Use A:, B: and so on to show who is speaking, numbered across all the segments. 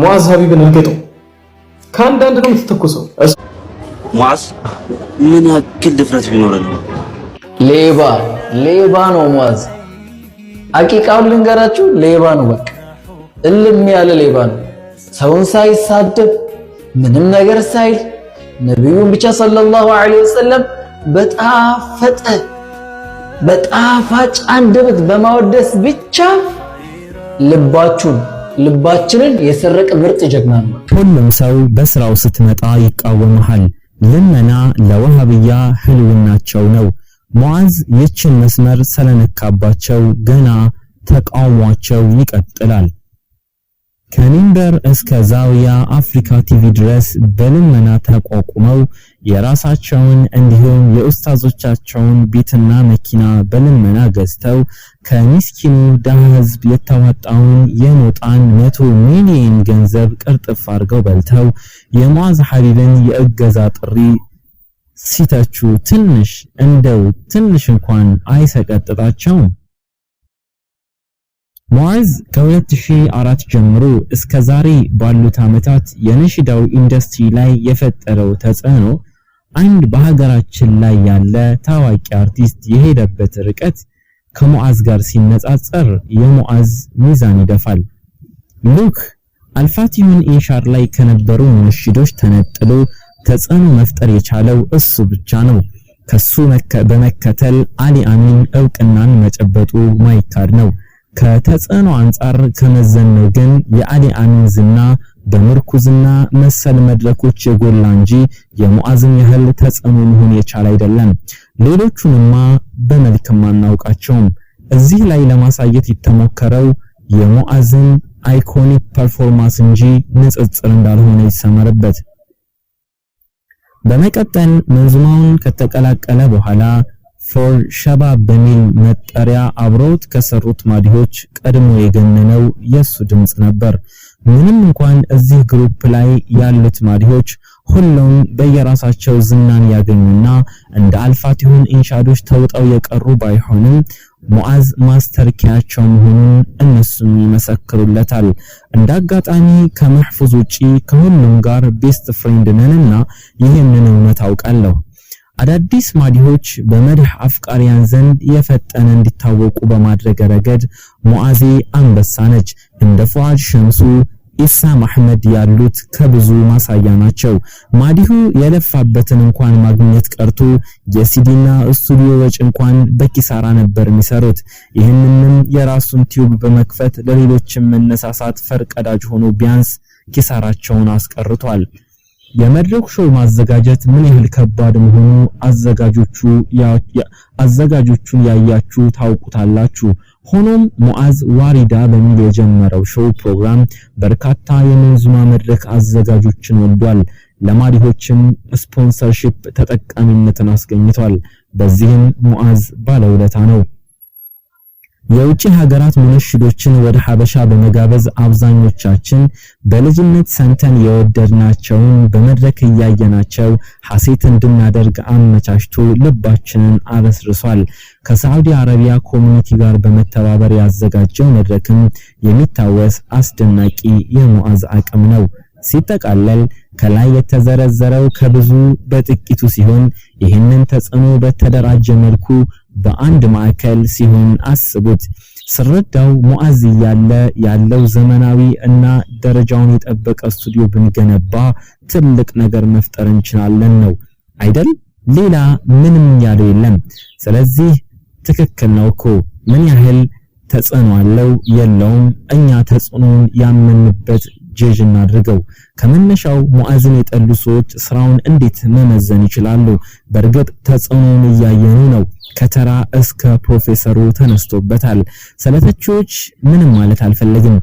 A: ሙዓዝ ሀቢብን እልገጠው ከአንዳንድ ነው የምትተኩሰው።
B: ሙዓዝ ምን ያክል ድፍረት ነው?
C: ሌባ ሌባ ነው ሙዓዝ። አቂቃውን ልንገራችሁ፣ ሌባ ነው በቃ እልም ያለ ሌባ ነው። ሰውን ሳይሳደብ ምንም ነገር ሳይል ነቢዩን ብቻ ሰለላሁ ዐለይሂ ወሰለም በጣፈጠ በጣፋጭ አንደበት በማወደስ ብቻ ልባችሁን ልባችንን የሰረቀ ምርጥ ጀግና ነው።
D: ሁሉም ሰው በስራው ስትመጣ ይቃወመሃል። ልመና ለወሃብያ ህልውናቸው ነው። ሙዓዝ ይችን መስመር ስለነካባቸው ገና ተቃውሟቸው ይቀጥላል። ከሚንበር እስከ ዛውያ አፍሪካ ቲቪ ድረስ በልመና ተቋቁመው የራሳቸውን እንዲሁም የኡስታዞቻቸውን ቤትና መኪና በልመና ገዝተው ከሚስኪኑ ደሃ ሕዝብ የተዋጣውን የሞጣን መቶ ሚሊዮን ገንዘብ ቅርጥፍ አድርገው በልተው የሙዓዝ ሐቢብን የእገዛ ጥሪ ሲተቹ ትንሽ እንደው ትንሽ እንኳን አይሰቀጥጣቸውም። ሙዓዝ ከ2004 ጀምሮ እስከ ዛሬ ባሉት ዓመታት የነሽዳው ኢንዱስትሪ ላይ የፈጠረው ተጽዕኖ አንድ በሀገራችን ላይ ያለ ታዋቂ አርቲስት የሄደበት ርቀት ከሙዓዝ ጋር ሲነጻጸር የሙዓዝ ሚዛን ይደፋል። ሉክ አልፋቲሁን ኢንሻር ላይ ከነበሩ ሙንሽዶች ተነጥሎ ተጽዕኖ መፍጠር የቻለው እሱ ብቻ ነው። ከሱ በመከተል አሊ አሚን እውቅናን መጨበጡ ማይካድ ነው። ከተጽዕኖ አንጻር ከመዘነው ግን የአሊ አሚን ዝና በምርኩዝና መሰል መድረኮች የጎላ እንጂ የሙዓዝን ያህል ተጽዕኖ መሆን የቻለ አይደለም። ሌሎቹንማ በመልክም አናውቃቸውም። እዚህ ላይ ለማሳየት የተሞከረው የሙዓዝን አይኮኒክ ፐርፎርማንስ እንጂ ንጽጽር እንዳልሆነ ይሰመርበት። በመቀጠል መንዙማውን ከተቀላቀለ በኋላ ፎር ሸባብ በሚል መጠሪያ አብረውት ከሰሩት ማዲሆች ቀድሞ የገነነው የሱ ድምጽ ነበር። ምንም እንኳን እዚህ ግሩፕ ላይ ያሉት ማዲሆች ሁሉም በየራሳቸው ዝናን ያገኙና እንደ አልፋቲሁን ኢንሻዶች ተውጠው የቀሩ ባይሆንም ሙዓዝ ማስተርኪያቸው መሆኑን እነሱም ይመሰክሩለታል። እንደ አጋጣሚ ከመሕፉዝ ውጪ ከሁሉም ጋር ቤስት ፍሬንድ ነንና ይህንን እውነት አውቃለሁ። አዳዲስ ማዲሆች በመድህ አፍቃሪያን ዘንድ የፈጠነ እንዲታወቁ በማድረግ ረገድ ሙአዜ አንበሳ ነች። እንደ ፉአድ ሸምሱ ኢሳም አህመድ ያሉት ከብዙ ማሳያ ናቸው። ማዲሁ የለፋበትን እንኳን ማግኘት ቀርቶ የሲዲና ስቱዲዮ ወጪ እንኳን በኪሳራ ነበር የሚሰሩት። ይህንንም የራሱን ቲዩብ በመክፈት ለሌሎችም መነሳሳት ፈርቀዳጅ ሆኖ ቢያንስ ኪሳራቸውን አስቀርቷል። የመድረክ ሾው ማዘጋጀት ምን ያህል ከባድ መሆኑ አዘጋጆቹ አዘጋጆቹን ያያችሁ ታውቁታላችሁ። ሆኖም ሙአዝ ዋሪዳ በሚል የጀመረው ሾው ፕሮግራም በርካታ የመንዙማ መድረክ አዘጋጆችን ወልዷል። ለማዲሆችም ስፖንሰርሺፕ ተጠቃሚነትን አስገኝቷል። በዚህም ሙአዝ ባለውለታ ነው። የውጭ ሀገራት ሙነሽዶችን ወደ ሀበሻ በመጋበዝ አብዛኞቻችን በልጅነት ሰንተን የወደድናቸውን በመድረክ እያየናቸው ሐሴት እንድናደርግ አመቻችቶ ልባችንን አበስርሷል። ከሳዑዲ አረቢያ ኮሚኒቲ ጋር በመተባበር ያዘጋጀው መድረክም የሚታወስ አስደናቂ የሙዓዝ አቅም ነው። ሲጠቃለል ከላይ የተዘረዘረው ከብዙ በጥቂቱ ሲሆን ይህንን ተጽዕኖ በተደራጀ መልኩ በአንድ ማዕከል ሲሆን አስቡት። ስረዳው ሙዓዝ እያለ ያለው ዘመናዊ እና ደረጃውን የጠበቀ ስቱዲዮ ብንገነባ ትልቅ ነገር መፍጠር እንችላለን ነው አይደል? ሌላ ምንም ያለው የለም። ስለዚህ ትክክል ነው እኮ ምን ያህል ተጽዕኖ አለው የለውም? እኛ ተጽዕኖውን ያመንበት ጀጅ እናድርገው። ከመነሻው ሙዓዝን የጠሉ ሰዎች ስራውን እንዴት መመዘን ይችላሉ? በእርግጥ ተጽዕኖን እያየኑ ነው። ከተራ እስከ ፕሮፌሰሩ ተነስቶበታል። ስለ ምንም ማለት አልፈለግም፣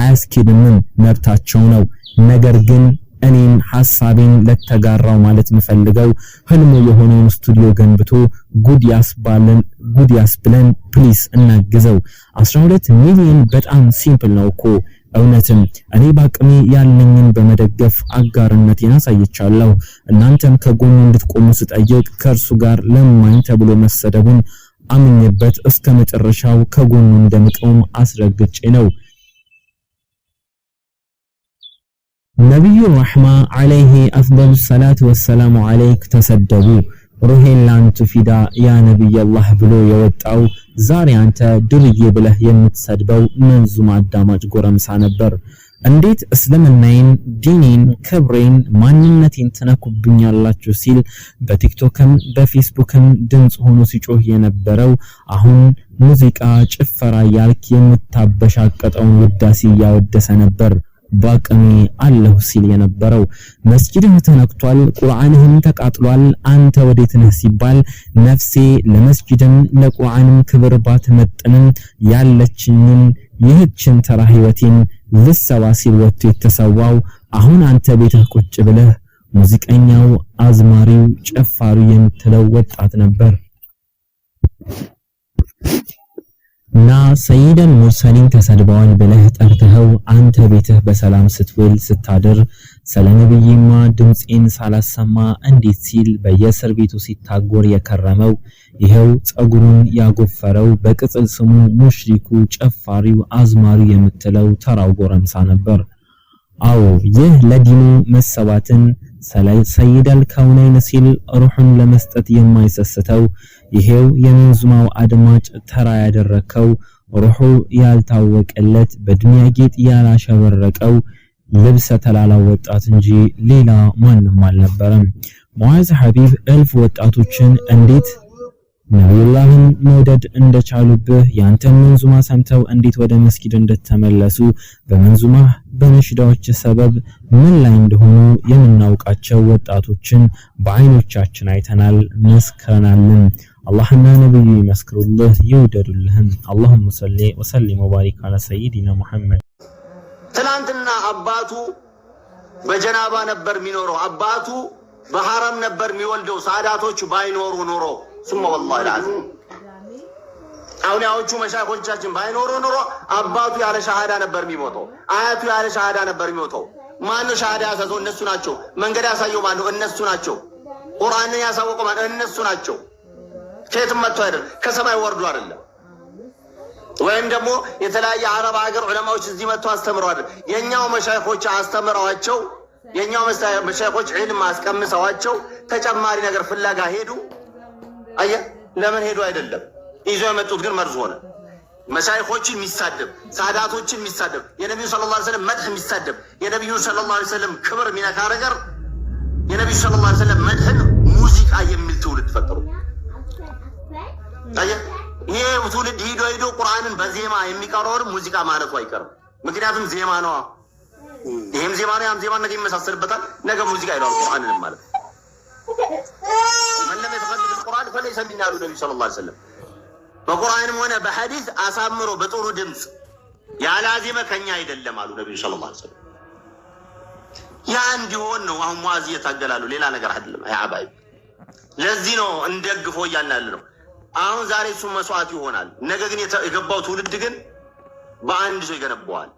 D: አያስኬድምም፣ መብታቸው ነው። ነገር ግን እኔም ሐሳቤን ለተጋራው ማለት የምፈልገው ህልሙ የሆነውን ስቱዲዮ ገንብቶ ጉድ ያስባለን ጉድ ያስብለን፣ ፕሊስ እናግዘው። 12 ሚሊዮን በጣም ሲምፕል ነው እኮ እውነትም እኔ በአቅሜ ያለኝን በመደገፍ አጋርነቴን አሳይቻለሁ። እናንተም ከጎኑ እንድትቆሙ ስጠይቅ ከእርሱ ጋር ለማኝ ተብሎ መሰደቡን አምኜበት እስከ መጨረሻው ከጎኑ እንደምቀውም አስረግጬ ነው። ነቢዩ ራህማ ዓለይሂ አፍደሉ ሰላት ወሰላሙ ዓለይክ ተሰደቡ። ሩሄን ላንቱ ፊዳ ያ ነብይ አላህ ብሎ የወጣው ዛሬ አንተ ድርዬ ብለህ የምትሰድበው መንዙማ አዳማጭ ጎረምሳ ነበር። እንዴት እስልምናዬን፣ ዲኔን፣ ክብሬን፣ ማንነቴን ትነኩብኛላችሁ ሲል በቲክቶክም በፌስቡክም ድምፅ ሆኖ ሲጮህ የነበረው አሁን ሙዚቃ ጭፈራ ያልክ የምታበሻቀጠውን ውዳሴ እያወደሰ ነበር። በአቅሜ አለሁ ሲል የነበረው መስጂድህ ተነክቷል፣ ቁርአንህም ተቃጥሏል፣ አንተ ወዴት ነህ ሲባል ነፍሴ ለመስጂድም ለቁርአንም ክብር ባትመጥንም ያለችኝን ይህችን ተራ ህይወቴን ልሰዋ ሲል ወጥቶ የተሰዋው አሁን አንተ ቤትህ ቁጭ ብለህ ሙዚቀኛው፣ አዝማሪው፣ ጨፋሪው የምትለው ወጣት ነበር። ና ሰይደን ሙርሰሊን ተሰድበዋል ብለህ ጠርተኸው አንተ ቤትህ በሰላም ስትውል ስታድር ስለ ነብይማ ድምፄን ሳላሰማ እንዴት ሲል በየእስር ቤቱ ሲታጎር የከረመው ይኸው ጸጉሩን ያጎፈረው በቅጽል ስሙ ሙሽሪኩ፣ ጨፋሪው፣ አዝማሪው የምትለው ተራው ጎረምሳ ነበር። አዎ ይህ ለዲኑ መሰዋትን ሰይደል ከውነይን ሲል ሩሑን ለመስጠት የማይሰስተው ይሄው የመንዙማው አድማጭ ተራ ያደረከው ሩሑ ያልታወቀለት በዱንያ ጌጥ ያላሸበረቀው ልብሰ ተላላ ወጣት እንጂ ሌላ ማንም አልነበረም። ሙዓዝ ሐቢብ እልፍ ወጣቶችን እንዴት ነቢዩላህን መውደድ እንደቻሉብህ ያንተን መንዙማ ሰምተው እንዴት ወደ መስጊድ እንደተመለሱ በመንዙማ በነሽዳዎች ሰበብ ምን ላይ እንደሆኑ የምናውቃቸው ወጣቶችን በአይኖቻችን አይተናል፣ መስከናልን። አላህና ነብዩ ይመስክሩልህ ይውደዱልህም። አላሁመ ሰሊ ወሰሊም ወባሪክ አላ ሰይዲና ሙሐመድ።
E: ትናንትና አባቱ በጀናባ ነበር የሚኖረው። አባቱ በሐረም ነበር የሚወልደው። ሳዳቶች ባይኖሩ ኖሮ ስማ ወላሂ ልዓዚም አሁን ያዎቹ መሻኮቻችን ባይኖሩ ኑሮ አባቱ ያለ ሻሃዳ ነበር የሚሞተው፣ አያቱ ያለ ሻሃዳ ነበር የሚሞተው። ማነው ሻሃዳ ያሳዘው? እነሱ ናቸው። መንገድ ያሳየው ማነው? እነሱ ናቸው። ቁርአንን ያሳወቀው ማነው? እነሱ ናቸው። ከየትም መጥቶ አይደለም፣ ከሰማይ ወርዶ አይደለም። ወይም ደግሞ የተለያየ አረብ ሀገር ዑለማዎች እዚህ መጥቶ አስተምረዋል። የእኛው መሻይኮች አስተምረዋቸው፣ የእኛው መሻይኮች ዒልም አስቀምሰዋቸው ተጨማሪ ነገር ፍለጋ ሄዱ። አየ ለምን ሄዱ አይደለም ይዞ የመጡት ግን መርዝ ሆነ። መሻይኮችን የሚሳደብ ሳዳቶችን የሚሳደብ የነቢዩ ስለ ላ ስለም መድህ የሚሳደብ የነቢዩ ስለ ላ ስለም ክብር የሚነካ ነገር የነቢዩ ስለ ላ ስለም መድህን ሙዚቃ የሚል ትውልድ ፈጠሩ። ይህ ትውልድ ሂዶ ሂዶ ቁርአንን በዜማ የሚቀረውን ሙዚቃ ማለቱ አይቀርም። ምክንያቱም ዜማ ነዋ። ይህም ዜማ ነው፣ ያም ዜማ ነገ ይመሳሰልበታል። ነገ ሙዚቃ ይለዋል ቁርአንንም ማለት መለም የተፈልግ ቁርአን ፈለይሰ ሚና አሉ ነቢ ስለ ላ ስለም በቁርአንም ሆነ በሐዲስ አሳምሮ በጥሩ ድምፅ ያላዚመ ከኛ አይደለም አሉ ነቢ ስለ ላ ስለም። ያ እንዲሆን ነው አሁን ሙዓዝ እየታገላሉ ሌላ ነገር አይደለም። አባይ ለዚህ ነው እንደግፎ እያልናል ነው። አሁን ዛሬ እሱ መስዋዕት ይሆናል። ነገ ግን የገባው ትውልድ ግን በአንድ ሰው ይገነባዋል።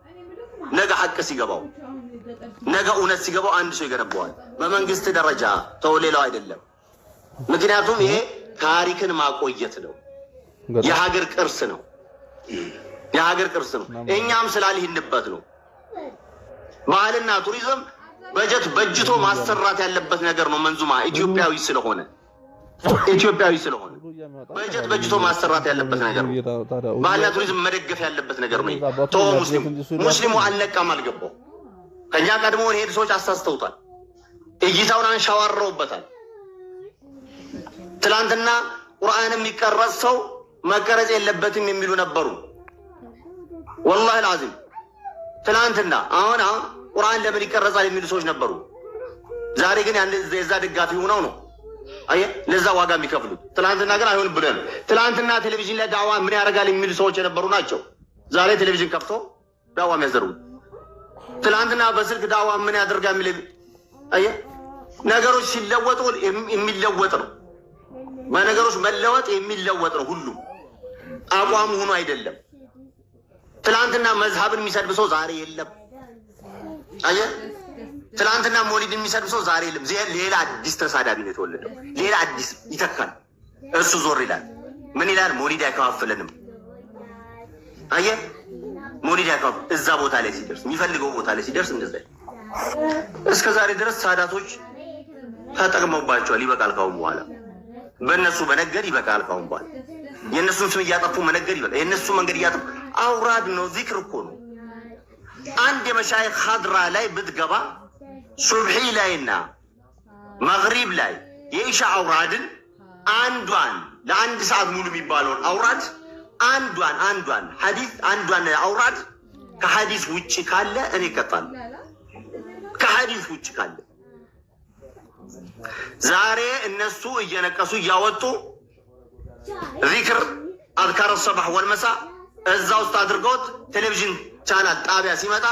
E: ነገ ሐቅ ሲገባው፣ ነገ እውነት ሲገባው አንድ ሰው ይገነባዋል። በመንግስት ደረጃ ተው ሌላው አይደለም። ምክንያቱም ይሄ ታሪክን ማቆየት ነው። የሀገር ቅርስ ነው። የሀገር ቅርስ ነው። እኛም ስላልሄድንበት ነው። ባህልና ቱሪዝም በጀት በጅቶ ማሰራት ያለበት ነገር ነው። መንዙማ ኢትዮጵያዊ ስለሆነ ኢትዮጵያዊ ስለሆነ በጀት በጅቶ ማሰራት ያለበት ነገር ነው። ባህልና ቱሪዝም መደገፍ ያለበት ነገር ነው። ቶ ሙስሊሙ ሙስሊሙ አልነቃም፣ አልገባው ከእኛ ቀድሞ ሄድ ሰዎች አሳስተውታል። እይታውን አንሻዋረውበታል። ትላንትና ቁርአን የሚቀረጽ ሰው መቀረጽ የለበትም የሚሉ ነበሩ። ወላሂ አልዓዚም ትላንትና አሁን አሁን ቁርአን ለምን ይቀረጻል የሚሉ ሰዎች ነበሩ። ዛሬ ግን የዛ ደጋፊ ሆነው ነው ለዛ ዋጋ የሚከፍሉት። ትላንትና ግን አይሆንም ብለን ትላንትና ቴሌቪዥን ላይ ዳዋ ምን ያደርጋል የሚሉ ሰዎች የነበሩ ናቸው። ዛሬ ቴሌቪዥን ከፍቶ ዳዋ የሚያዘርጉት ትላንትና በስልክ ዳዋ ምን ያደርጋል ነገሮች ሲለወጡ የሚለወጥ ነው። በነገሮች መለወጥ የሚለወጥ ነው። ሁሉም አቋሙ ሆኖ አይደለም። ትላንትና መዝሀብን የሚሰድብ ሰው ዛሬ የለም። አየህ፣ ትላንትና ሞሊድ የሚሰድብ ሰው ዛሬ የለም። ሌላ አዲስ ተሳዳቢ ነው የተወለደው። ሌላ አዲስ ይተካል። እሱ ዞር ይላል። ምን ይላል? ሞሊድ አይከፋፍለንም። አየህ፣ ሞሊድ አይከፋፍል እዛ ቦታ ላይ ሲደርስ የሚፈልገው ቦታ ላይ ሲደርስ እንደዛ እስከ ዛሬ ድረስ ሳዳቶች ተጠቅመውባቸዋል። ይበቃል ካሁን በኋላ በእነሱ መነገድ ይበቃል። ካሁን በኋላ የእነሱን ስም እያጠፉ መነገድ ይበቃል። የእነሱ መንገድ እያጠፉ አውራድ ነው፣ ዚክር እኮ ነው። አንድ የመሻይክ ሀድራ ላይ ብትገባ ሱብሒ ላይና መግሪብ ላይ የኢሻ አውራድን አንዷን ለአንድ ሰዓት ሙሉ የሚባለውን አውራድ አንዷን አንዷን ሐዲስ አንዷን አውራድ ከሀዲስ ውጭ ካለ እኔ ይቀጣል። ከሀዲስ ውጭ ካለ ዛሬ እነሱ እየነቀሱ እያወጡ ዚክር አዝካረ ሰባህ ወልመሳ እዛ ውስጥ አድርገውት ቴሌቪዥን ቻናል ጣቢያ ሲመጣ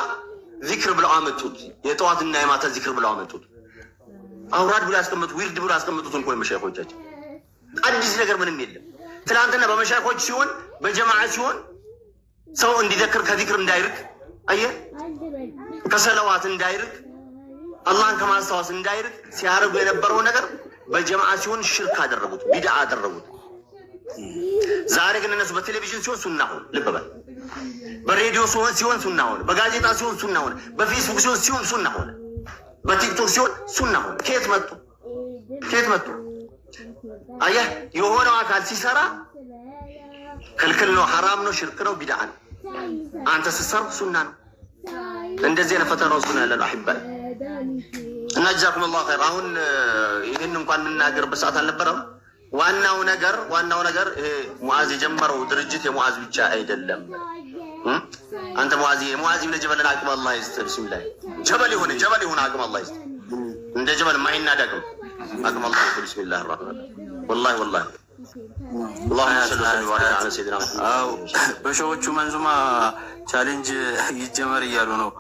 E: ዚክር ብለው አመጡት። የጠዋትና የማታ ዚክር ብለው አመጡት። አውራድ ብሎ ያስቀምጡት፣ ዊርድ ብሎ ያስቀምጡት። እንኮ መሻይኮቻችን አዲስ ነገር ምንም የለም። ትላንትና በመሻይኮች ሲሆን በጀማዓ ሲሆን ሰው እንዲዘክር ከዚክር እንዳይርቅ አየ ከሰለዋት እንዳይርቅ አላህን ከማስታወስ እንዳይርቅ ሲያደርጉ የነበረው ነገር በጀማዓ ሲሆን ሽርክ አደረጉት፣ ቢድዓ አደረጉት። ዛሬ ግን እነሱ በቴሌቪዥን ሲሆን ሱና ሆን፣ ልብ በል በሬዲዮ ሲሆን ሲሆን ሱና ሆን፣ በጋዜጣ ሲሆን ሱና ሆን፣ በፌስቡክ ሲሆን ሲሆን ሱና ሆን፣ በቲክቶክ ሲሆን ሱና ሆን። ከየት መጡ? ከየት መጡ? አየህ፣ የሆነው አካል ሲሰራ ክልክል ነው፣ ሐራም ነው፣ ሽርክ ነው፣ ቢድዓ ነው። አንተ ስትሰሩ ሱና ነው። እንደዚህ አይነት ፈተና ውስጥ ነው ያለነው እና ጀዛኩም ላ ኸይር። አሁን ይህን እንኳን የምናገርበት ሰዓት አልነበረም። ዋናው ነገር ዋናው ነገር ይሄ ሙዓዝ የጀመረው ድርጅት የሙዓዝ ብቻ አይደለም። አንተ ሙዓዝ ሙዓዝ ብለህ ጀበልን አቅም አላህ ይስጥህ። ብስሚላህ ጀበል ይሁን ጀበል ይሁን አቅም አላህ ይስጥህ። እንደ ጀበል ማይናድ አቅም አቅም አላህ ይስጥህ። ብስሚላህ ራህማን ወላሂ ወላሂ
F: በሸዎቹ መንዙማ ቻሌንጅ ይጀመር እያሉ ነው